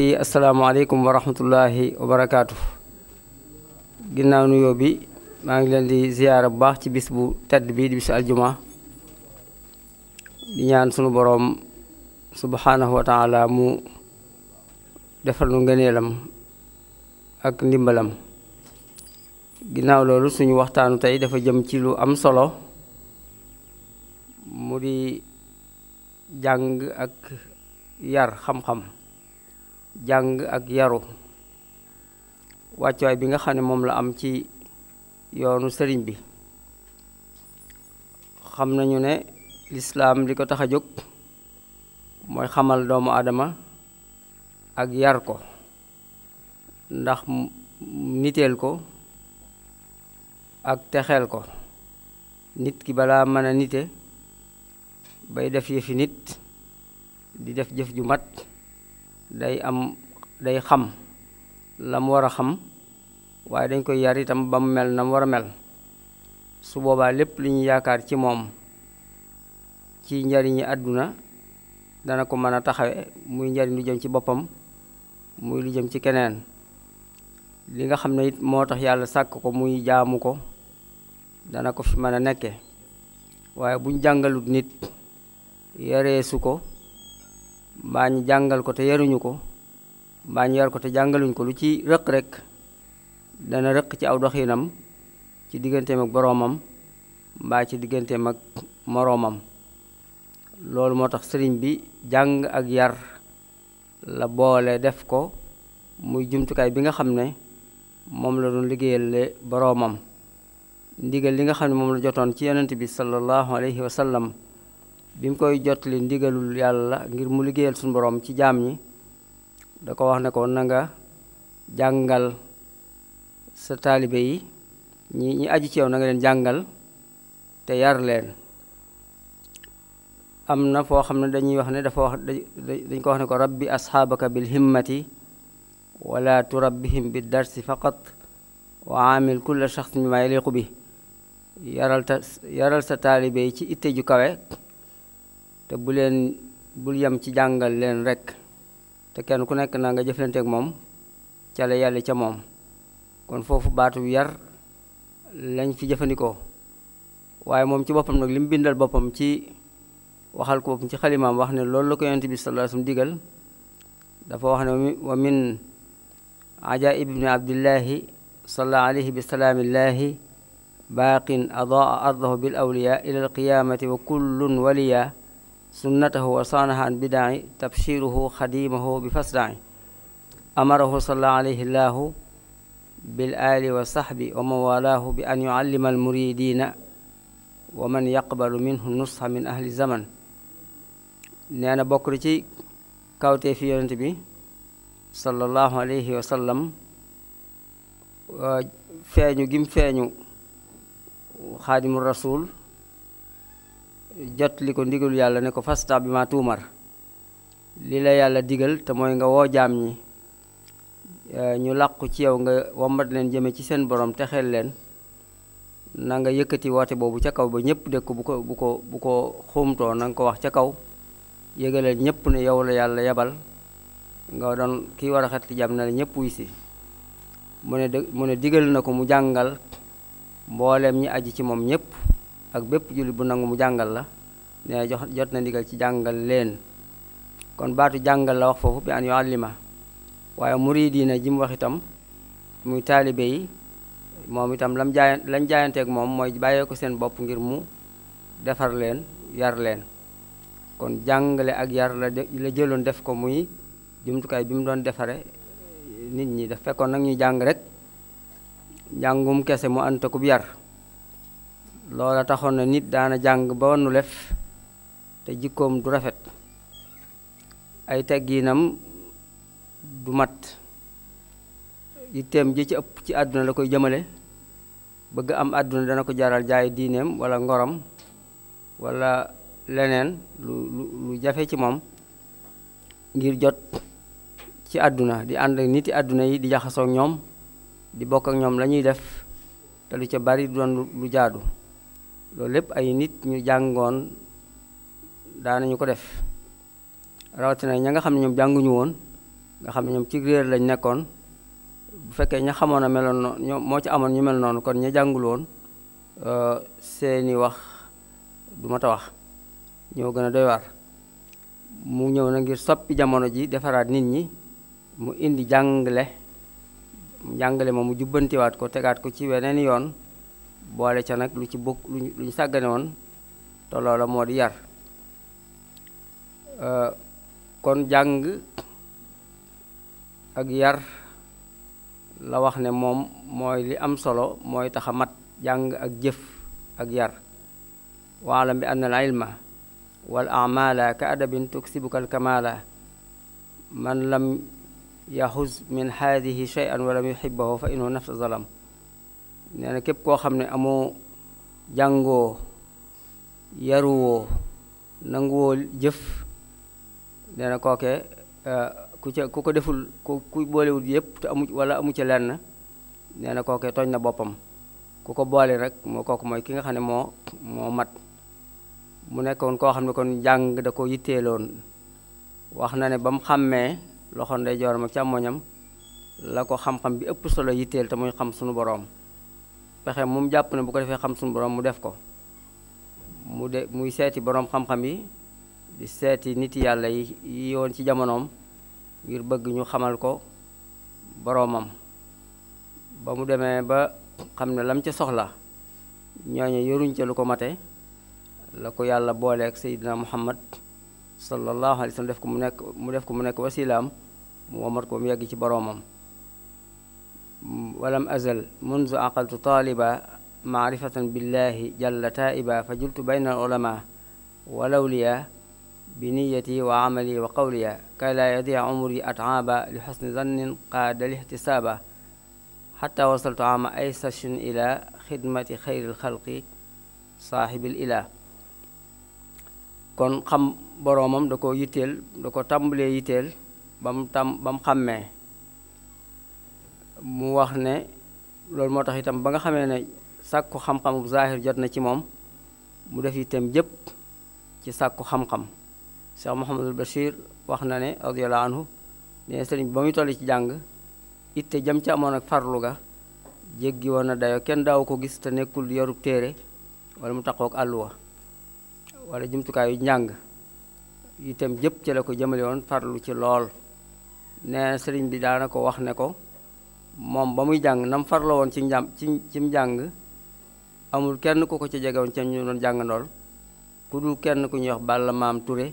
mbokk yi asalaamaaleykum wa rahmatullahi wa barakaatu ginnaaw nuyoo bi maa ngi leen di ziyaara bu baax ci bis bu tedd bi di bisu aljuma di ñaan sunu boroom subhaanahu wa mu defal nu ngëneelam ak ndimbalam ginnaaw loolu suñu waxtaanu tey dafa jëm ci lu am solo mu di jàng ak yar xam-xam jàng ak yaru wàccuwaay bi nga xam ne moom la am ci yoonu sëriñ bi xam nañu ne lislaam di ko tax a jóg mooy xamal doomu aadama ak yar ko ndax niteel ko ak texeel ko nit ki balaa mën a nite bay def yëfi nit di def jëf ju mat day am day xam la mu war a xam waaye dañ koy yar itam ba mu mel na mu war a mel su boobaa lépp li ñu yaakaar ci moom ci njariñi àdduna dana ko mën a taxawe muy njariñ lu jëm ci boppam muy lu jëm ci keneen li nga xam ne it moo tax yàlla sàkk ko muy jaamu ko dana ko fi mën a nekke waaye buñ jàngalut nit yareesu ko mbaa ñu jàngal ko te yaruñu ko mbaa ñu yar ko te jàngaluñ ko lu ci rëq rek dana rëq ci aw doxinam ci digganteem ak boroomam mbaa ci digganteem ak moroomam loolu moo tax sëriñ bi jàng ak yar la boole def ko muy jumtukaay bi nga xam ne moom la doon liggéeyale boroomam ndigal li nga xam ne moom la jotoon ci yonent bi sallallahu alayhi wa sallam bi mu koy jotli ndigalul yàlla ngir mu liggéeyal suñu borom ci jaam ñi da ko wax ne ko nanga jàngal sa taalibe yi ñi ñi aju ci yow na nga leen jàngal te yar leen am na foo xam ne dañuy wax ne dafa wax dañ ko wax ne ko rabbi asxaabaka bil himmati wala turabbihim bi darsi faqat wa amil kulla shaxsin bi ma yaliqu bi yaral sa taalibe yi ci itte ju kawe te bu bul yem ci jàngal leen rek te kenn ku nekk na nga jëflanteeg moom ca yàlla ca moom kon foofu baatu yar lañ fi jëfandikoo waaye moom ci boppam nag li mu bindal boppam ci waxal ko boppam ci xalimaam wax ne loolu la bi sallallahu alayhi dafa wax ne wa min ajaib ibni abdillahi salla alayhi bi salaamillahi baaqin adaa ardahu bil awliya ila alqiyamati wa kullun waliya sunnatahu wa saanaha an bidaai tabshiruhu bi fasdaai amarahu sala alayhi llaahu bil aali wa saxbi walaahu bi an yuallima almuridina wa man yaqbalu minhu nusxa min ahli zaman nee na bokk ci kawtee fi yonent bi sallallahu alayhi wa feeñu gim feeñu xaadimul rasul jot li ko ndigalu yàlla ne ko fasta bi ma tuumar li la yàlla diggal te mooy nga woo jaam ñi eh, ñu làqu ci yow nga wambat leen jëme ci seen borom te xel leen nanga yëkkati woote boobu ca kaw ba ñëpp dëkk bu ko bu ko bu ko xuumtoo na nga ko wax ca kaw yëgaleel ñëpp ne yow la yàlla yebal nga doon kii war a xetti jàmm na la ñëpp wuy si mu ne mu ne digal na ko mu jàngal mbooleem ñi aji ci moom ñëpp ak bépp jullit bu nangu mu jàngal la nee jox jot na ndigal ci jàngal leen kon baatu jàngal la wax foofu bi an yuallima waaye muridiina ji mu wax itam muy taalibe yi moom itam la lañ jaayanteeg moom mooy bàyyee seen bopp ngir mu defar leen yar leen kon jàngale ak yar la jëloon def ko muy jumtukaay bi mu doon defare nit ñi daf fekkoon nag ñuy jàng rek njàngum kese mu ànd ak yar loola taxoon na nit daana jàng ba nu lef te jikkoom du rafet ay tegginam du mat yitteem ji ci ëpp ci àdduna la koy jëmale bëgg am àdduna dana ko jaral jaay diineem wala ngorom wala leneen lu lu jafe ci moom ngir jot ci àdduna di ànd ak niti àdduna yi di jaxasoo ñoom di bokk ak ñoom lañuy def te lu ca bari doon lu jaadu loolu lépp ay nit ñu jàngoon daanañu ko def rawatina ña nga xam ne ñoom jànguñu woon nga xam ne ñoom ci réer lañ nekkoon bu fekkee ña xamoon a meloon ci amoon ñu mel noonu kon ña jàngul woon euh, seeni wax du wax ñoo gën a doy waar mu ñëw na ngir soppi jamono ji defaraat nit ñi mu indi jàngale jàngale moom mu jubbantiwaat ko tegaat ko ci weneen yoon boole ca nag lu ci bokk lu ñu sàggane woon te loola moo di yar euh, kon jàng ak yar la wax ne moom mooy li am solo mooy tax a mat jàng ak jëf ak yar waalam bi ann al ilma wal amala ka adabin tuksibuka al kamala man lam yaxuz min haadihi shay'an wa lam yuxibahu fa innahu nafsa zalam nee na képp koo xam ne amoo jàngoo yaruwoo nanguwoo jëf nee na kooke euh, ku ca ku ko deful ku ku boolewul yëpp te amu wala amu ca lenn nee na kooke tooñ na boppam ku ko boole rek moo kooku mooy ki nga xam ne moo moo mat mu nekkoon koo xam ne ko jàng da ko yitteeloon wax na ne ba mu xàmmee loxo ndeyjooram ak càmmoñam la ko xam-xam bi ëpp solo yitteel te muy xam sunu boroom pexe moom jàpp na bu ko defee xam suñu borom mu def ko mu de muy seeti boroom xam-xam yi di seeti nit yàlla yi yi yoon ci jamonoom ngir bëgg ñu xamal ko boromam ba mu demee ba xam ne lam ca soxla ñooñu yoruñ ca lu ko mate la ko yàlla booleeg Seydina Muhammad sallallahu alayhi wa sallam def ko mu nekk mu def ko mu nekk wasilaam mu womat ko mu yegg ci boromam. walam azal mundu aqaltu taaliba maarifatan billahi jalla taiba fa jultu bayna al ulama walawliya bi niyati wa amali wa qawliya kay la yadia umri ataaba li xusni zannin qaada lihtisaaba xata wasaltu ama ay sashin ila xidmati xayri lxalqi saaxibil ila kon xam boroomam da ko yitteel da ko tàmbalee yitteel ba mu tam ba mu xàmmee mu wax ne loolu moo tax itam ba nga xamee ne sàkku xam-xamu zaahir jot na ci moom mu def itam jëpp ci sàkku xam-xam Cheikh Mouhamadul Bachir wax na ne radiyallahu anhu sëriñ bi ba muy toll ci jàng itte jam ci amoon ak farlu woon na dayoo kenn daaw ko gis te nekkul yorub téere wala mu taxook àlluwa wala jumtukaayu njàng itam jëpp ci la ko jëmale woon farlu ci lool nee sëriñ bi daanako wax ne ko moom ba muy jàng nam farla woon ci njàm ci ci njàng amul kenn ku ko ci jegewoon ca ñu doon jàngandool ku dul kenn ku ñuy wax Balla Maam ture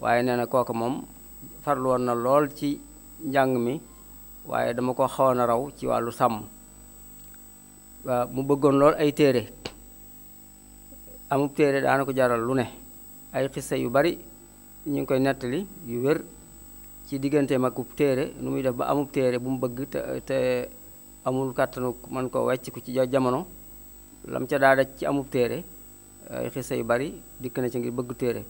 waaye nee na kooka moom farlu na lool ci njàng mi waaye dama ko xawoon a raw ci wàllu sàmm waaw mu bëggoon lool ay téere amub téere daana ko jaral lu ne ay xissa yu bari ñu ngi koy nettali yu wér diggante digganteem ak téere nu muy def ba amub téere bu mu bëgg te amul kàttanu man ko wàcc ku ci jamono lam ca daa daj ci amul téere ay xisa yu bari dikk na ci ngir bëgg téere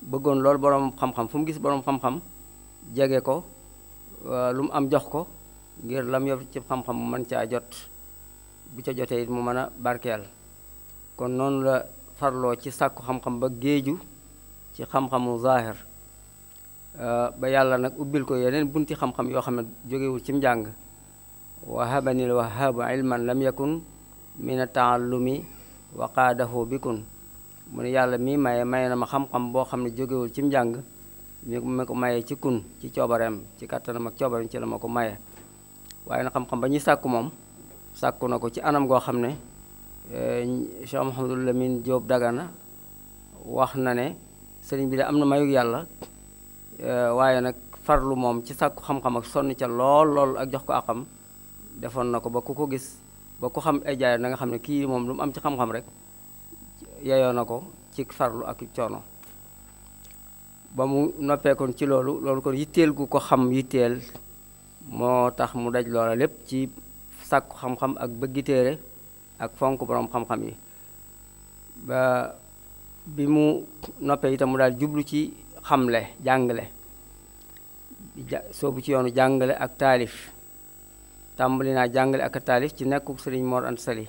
bëggoon loolu boroom xam-xam fu mu gis boroom xam-xam jege ko lu mu am jox ko ngir lam yor ci xam-xam mu mën caa jot bu ca jotee it mu mën a barkeel kon noonu la farloo ci sàkku xam-xam ba géeju ci xam-xamu zaahir ba yàlla nag ubbil ko yeneen bunti xam-xam yoo xam ne jógewul ci mu njàng wahabanil wahaabu ilman lam yakun mina taallumi waqaadahu bikun mu ne yàlla mii maye maye na ma xam-xam boo xam ne jógewul ci njàng mi ma ko maye ci kun ci coobareem ci kàttanam ak coobareem ci la ma ko maye waaye na xam-xam ba ñuy sàkku moom sàkku na ko ci anam goo xam ne eh, Cheikh Mouhamadul Lamine Diop Dagana wax na ne sëriñ bi de am na mayug yàlla Eh, waaye nag farlu moom ci sàkku xam-xam ak sonn ca lool lool ak jox ko àqam defoon na ko ba ku ko gis ba ku xam ay jaay na nga xam ne kii moom lu mu am ci xam-xam rek yeyoo na ko ci farlu ak coono ba mu noppeekoon ci loolu loolu kon yitteel gu ko xam yitteel moo tax mu daj loola lépp ci sàkku xam ak bëggi téere ak fonk boroom xam-xam yi ba bi mu noppee itam mu daal jublu ci xamle jàngale bu ci yoonu jàngale ak taalif tàmbali naa jàngale ak taalif ci nekku sëriñ Mor Anta Sali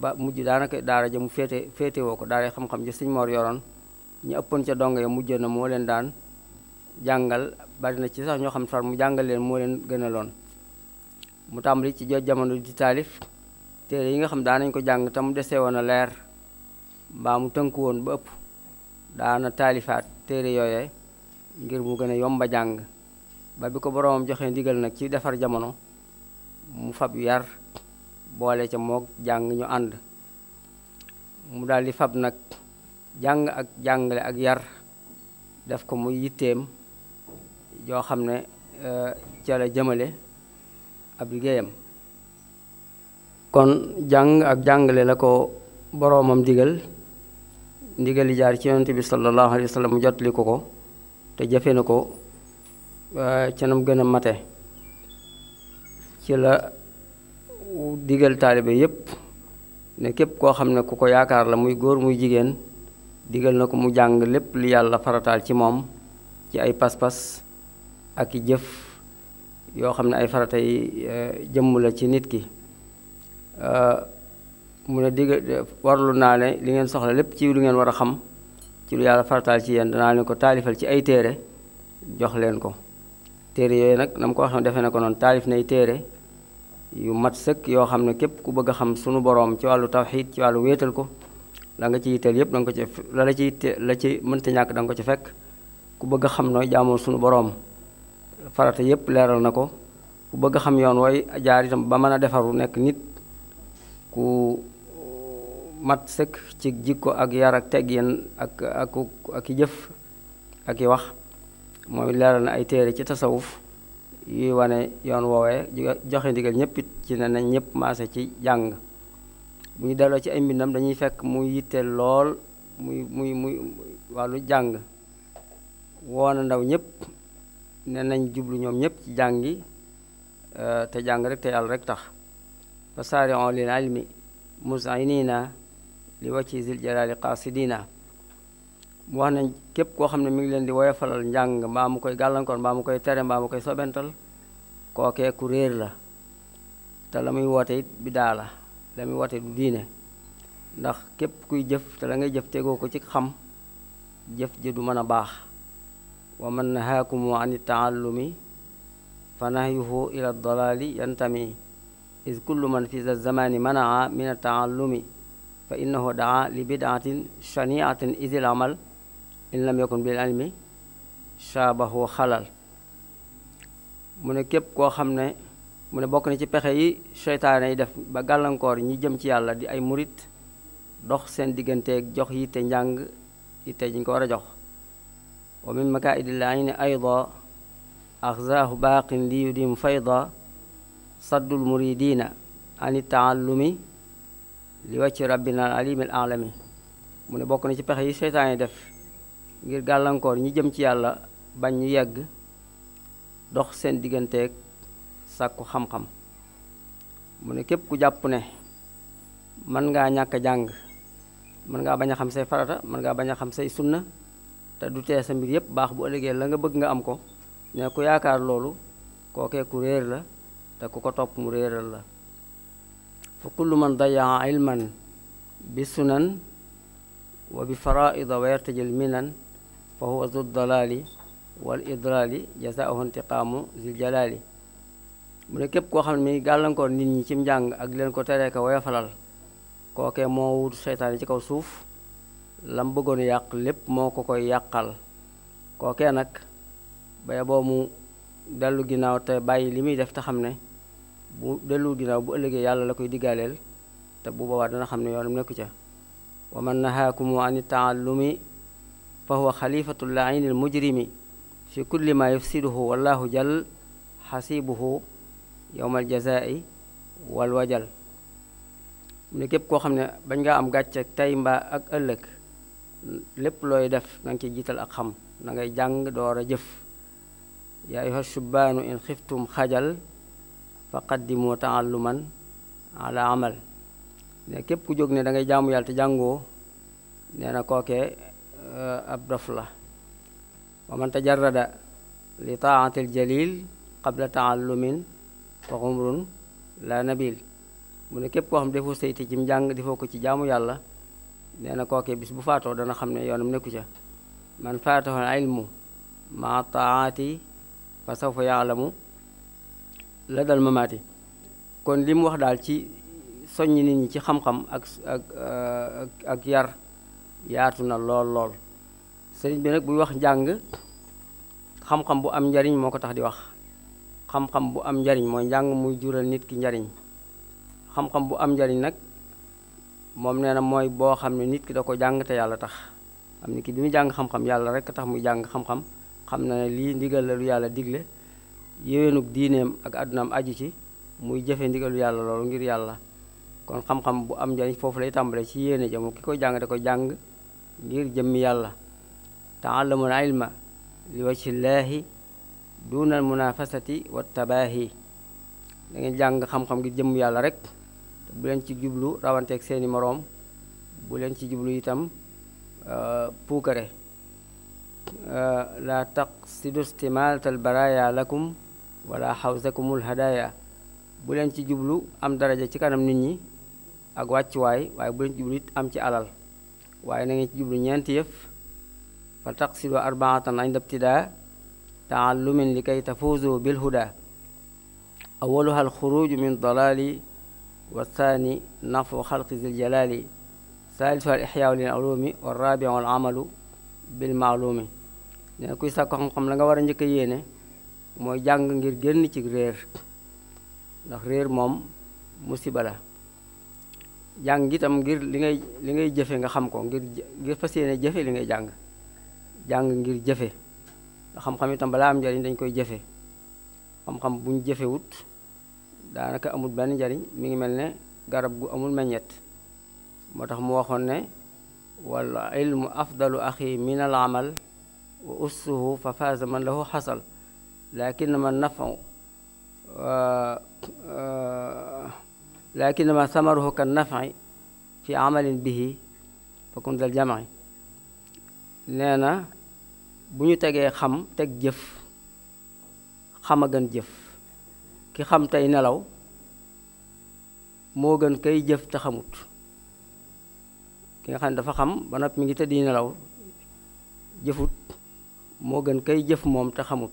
ba mujj daanaka daara ja mu féete féetewoo ko daara xam-xam ja sëriñ ñu ëppoon ca dongo ya mujjoon moo leen daan jàngal bari na ci ñoo xam ne mu jàngal leen moo leen gënaloon mu tàmbali ci jot jamono di taalif téere yi nga xam daanañ ko jàng te mu desee woon a leer mbaa mu tënku woon ba ëpp daana taalifaat téere yooye ngir mu gën a yomba jàng ba bi ko boroomam joxe ndigal nag ci defar jamono mu fab yar boole ca moog jàng ñu ànd mu daldi fab nag jàng ak jàngale ak yar def ko mu yitteem yoo xam ne e, ca la jëmale ab kon jàng ak jàngale la ko boroomam digal ndigal li jaar ci yonent bi sallallahu alayhi wa sallam mu jottali ko ko te jëfe na ko ca nam gën a mate ci la digal taalibe yépp ne képp koo xam ne ku ko yaakaar la muy góor muy jigéen digal na ko mu jàng lépp li yàlla farataal ci moom ci ay pas-pas ak i jëf yoo xam ne ay faratay eh, jëmm la ci nit ki eh, mu ne digg warlu naa ne li ngeen soxla lépp ci lu ngeen war a xam ci lu yàlla farataal ci yéen danaa leen ko taalifal ci ay téere jox leen ko téere yooyu nag na mu ko na defee na ko noonu taalif nay téere yu mat sëkk yoo xam ne képp ku bëgg a xam sunu boroom ci wàllu tawxiid ci wàllu wéetal ko la nga ci yitteel yépp danga ko ci la la la ci mënta ñàkk da ko ci fekk ku bëgg a xam nooy jaamoo sunu boroom farata yépp leeral na ko ku bëgg xam yoon woy jaar itam ba mën a defaru nekk nit mat sëkk ci jikko ak yar teg teggin ak ak i jëf ak i wax mooy leeral na ay téere ci tasawuf yuy wane yoon woowee joxe ndigal ñëpp ci ne nañ ñëpp maase ci jàng bu ñu delloo ci ay mbindam dañuy fekk muy yitteel lool muy muy muy wàllu jàng woon ndaw ñëpp ne nañ jublu ñoom ñëpp ci jàngi euh, te jàng rek te yàlla rek tax fa saari on lil almi mus'inina li wàcci zil jalaali qaasidina mu wax nañ képp koo xam ne mu ngi leen di woyofalal njàng mbaa mu koy gàllankoor mbaa mu koy tere mbaa mu koy sobental kookee ku réer la te la muy woote it bidaa woote du diine ndax képp kuy jëf te la ngay jëf tegoo ko ci xam jëf ji du man a baax wa man nahaakumu an taallumi fa nahyuhu ila dalaali yantami is kullu man fi zamani manaa min a taallumi fa innahu daa li bidaatin shaniatin idil amal in lam yakun bil ilmi shaabahu xalal mu ne képp koo xam ne mu ne bokk na ci pexe yi seytaane yi def ba gàllankoor ñi jëm ci yàlla di ay murit dox seen digganteeg jox yitte njàng yitte ji ñu ko war a jox wa min makaidil ayni ayda axzaahu baaqin li yudim fayda saddul muridina an taallumi li wàcc rabbinal alimil alami mu ne bokk na ci pexe yi seytaan def ngir gàllankoor ñi jëm ci yàlla bañ ñu yegg dox seen digganteeg sàkku xam-xam mu ne képp ku jàpp ne mën ngaa ñàkk jàng mën ngaa bañ a xam say farata mën ngaa bañ a xam say sunna te du tee sa mbir yépp baax bu ëllëgee la nga bëgg nga am ko ne ku yaakaar loolu kookee ku réer la te ku ko topp mu réeral la fa kullu man dayaa ilman bi sunan wa bi faraida wa yartajil minan fa huwa zu dalali wal idrali jazaahu intiqaamu zil jalali mu ne képp koo xam ne mi gàllankoor nit ñi cim njàng ak leen ko teree ko woyofalal kookee moo wut seytaane ci kaw suuf lam bëggoon yàq lépp moo ko koy yàqal kookee nag ba boo mu dellu ginnaaw te bàyyi li muy def te xam ne bu dellu ginnaaw bu ëllëgee yàlla la koy diggaaleel te bu boobaa dana xam ne yoonam nekku ca wa man nahaakumu an taallumi fa huwa xalifatu laayini almujrimi fi kulli ma yufsiduhu wallahu jal xasibuhu yowmal jazaa'i wal wajal mu ne képp koo xam ne bañ ngaa am gàcce tey mbaa ak ëllëg lépp looy def na nga jiital ak xam na ngay jàng door a jëf yaa ayyuha shubbaanu in xiftum xajal fa qaddimu taalluman ala amal ne képp ku jog ne da ngay jaamu yàlla te jàngoo nee na kooke euh, ab dof la wa man tajarrada li taatil jalil qabla taallumin fa xumrun la nabil mu ne képp koo xam defoo sayti ci njàng defoo ko ci jaamu yàlla nee kooke bis bu faatoo dana xam ne yoonam nekku ca man faatahu al ilmu maa taati fa sawfa yaalamu la dal mamaati kon lii mu wax daal ci soññ nit ñi ci xam-xam ak ak euh, ak yar yaatu na lool lool sëriñ bi nag buy wax njàng xam-xam bu am njariñ moo ko tax di wax xam bu am njariñ mooy njàng muy jural nit ki njariñ xam-xam bu am njariñ nag moom nee na mooy boo xam ne nit ki da ko jàng te yàlla tax am nit ki bi mu jàng xam-xam yàlla rek tax muy jàng xam-xam xam na ne lii ndigal la lu yàlla digle yéwénug diineem ak àddunaam aju ci muy jëfe ndigalu yàlla loolu ngir yàlla kon xam-xam bu am njariñ foofu lay tàmbale ci yéene ja moom ki koy jàng da ko jàng ngir jëmmi yàlla taallamul ilma li wajhillaahi duunal munafasati wa tabaahi da ngeen jàng xam-xam ngir jëmm yàlla rek bu leen ci jublu rawanteeg seeni moroom bu leen ci jublu itam euh, puukare euh, la taqsidu istimaltal baraya lakum wala xawsakumul hadaya bu ci jublu am daraja ci kanam nit ñi ak wàccuwaay waaye bu leen ci jublu it am ci alal waaye na ci jublu ñeenti yëf fa taqsidu arbaatan inda ibtidaa taallumin li kay tafuuzu bil huda awaluha alxuruju min dalaali wa thani nafu xalqi zil jalaali saalisu al ixyaaw lil ulumi wa rabiu al amalu bil maalumi nee kuy sàkko xam-xam la nga war a njëkk a yéene mooy jàng ngir génn ci réer ndax réer moom musiba la jàng itam ngir li li ngay jëfe nga xam ko ngir ngir fas jëfe li ngay jàng jàng ngir jëfe nga xam-xam itam balaa am njariñ dañ koy jëfe xam-xam bu ñu jëfewut daanaka amut benn njariñ mi ngi mel ne garab gu amul ñett moo tax mu waxoon ne wal ilmu afdalu axi min al amal wa ussuhu fa faaza man lahu xasal na لكنما النفع لكنما ثمره كالنفع في عمل bi فكن ذا الجمع nee na bu ñu tegee xam teg jëf xam a gën jëf ki xam tey nelaw moo gën kay jëf te xamut ki nga xam ne dafa xam ba noppi mi ngi tëddi nelaw jëfut moo gën kay jëf moom te xamut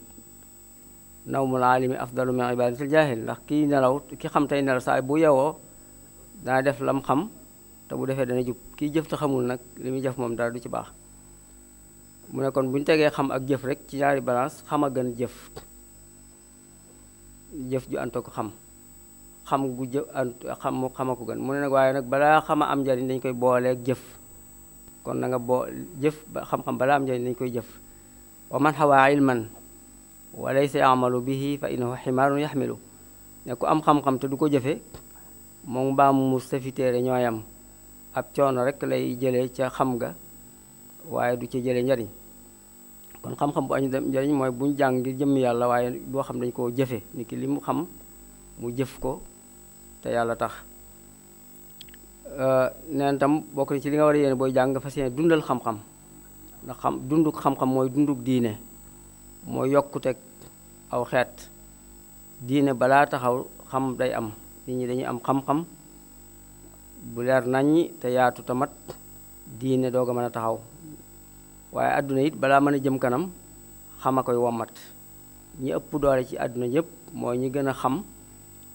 nawmul aalimi afdalu min ibadatil jaahil ndax kii nelaw ki xam tey nelaw saa bu yewoo dana def lam xam te bu defee dana jub kii jëf te xamul nag li muy jëf moom dara du ci baax mu ne kon bu ñu tegee xam ak jëf rek ci ñaari balance xam a gën jëf jëf ju anta ko xam xam gu xam xama ko gën mu ne nag waaye nag balaa xam a am jariñ dañ koy booleeg jëf kon na nga boo jëf xam-xam balaa am njariñ dañ koy jëf wa man xawaa ilman walaysa yamalu bihi fa innahu ximaarun yaxmilu ne ku am xam-xam te du ko jëfe moom mbaam mu safitéere ñooyam ab coono rek lay jële ca xam ga waaye du ca jëlee njariñ kon xam-xam bu añu dem njariñ mooy buñ jàng ngir jëmm yàlla waaye boo xam dañ koo jëfe ni ki li mu xam mu jëf ko te yàlla tax neen tam bokk na ci li nga war a yéene booy jàng nga fas yéene dundal xam-xam ndax xam dunduk xam-xam mooy dunduk diine moo yokkuteg aw xeet diine balaa taxaw xam day am nit ñi dañuy am xam-xam bu leer naññi te yaatu te mat diine doo a mën a taxaw waaye àdduna it balaa mën a jëm kanam xam a koy wommat ñi ëpp doole ci àdduna ñëpp mooy ñi gën a xam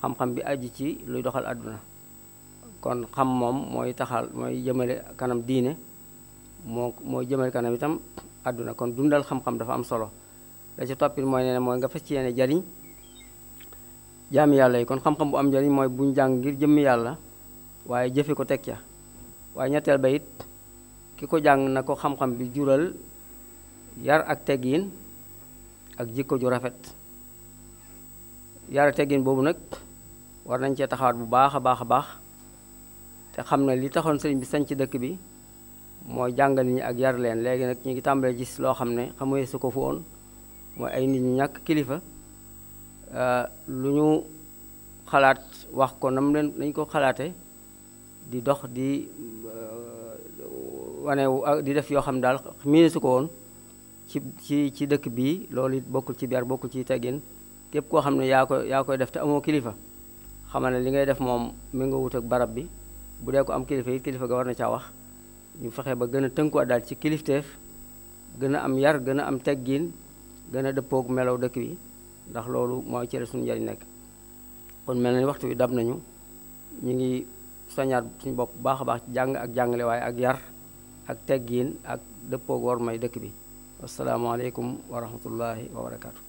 xam-xam bi aju ci luy doxal àdduna kon xam moom mooy taxal mooy jëmale kanam diine moo mooy jëmale kanam itam àdduna kon dundal xam-xam dafa am solo la ci toppil mooy nee mooy nga fas ci yéene jariñ jaami yàlla yi kon xam-xam bu am njariñ mooy buñ jàng ngir jëmmi yàlla waaye jëfe ko teg ca waaye ñetteel ba it ki ko jàng na ko xam-xam bi jural yar ak teggiin ak jikko ju rafet yar ak teggiin boobu nag war nañ cee taxawaat bu baax a baax a baax te xam na li taxoon sëriñ bi ci dëkk bi mooy jàngal ñi ak yar leen léegi nag ñu ngi tàmbalee gis loo xam ne xamuye su ko fu woon mooy ay nit ñu ñàkk kilifa euh, lu ñu xalaat wax ko nam leen nañ ko xalaate di dox di euh, wane di def yoo xam ne daal miine su ko woon ci ci ci dëkk bii loolu it bokkul ci biar bokkul ci teggin képp koo xam ne yaa ko yaa koy def te amoo kilifa xamal ne li ngay def moom mi nga wut ak barab bi bu dee ko am kilifa yi kilifa ga war na caa wax ñu fexe ba gën a tënkuwaat daal ci kilifteef gën a am yar gën a am teggin gën a dëppoog melaw dëkk bi ndax loolu mooy cere suñu njariñ nekk kon mel na ni waxtu wi dab nañu ñu ngi soñaat suñu bopp bu baax a baax jàng ak jàngale waaye ak yar ak teggiin ak dëppoog war may dëkk bi asalaamaaleykum wa rahmatullahi wa barakaatu.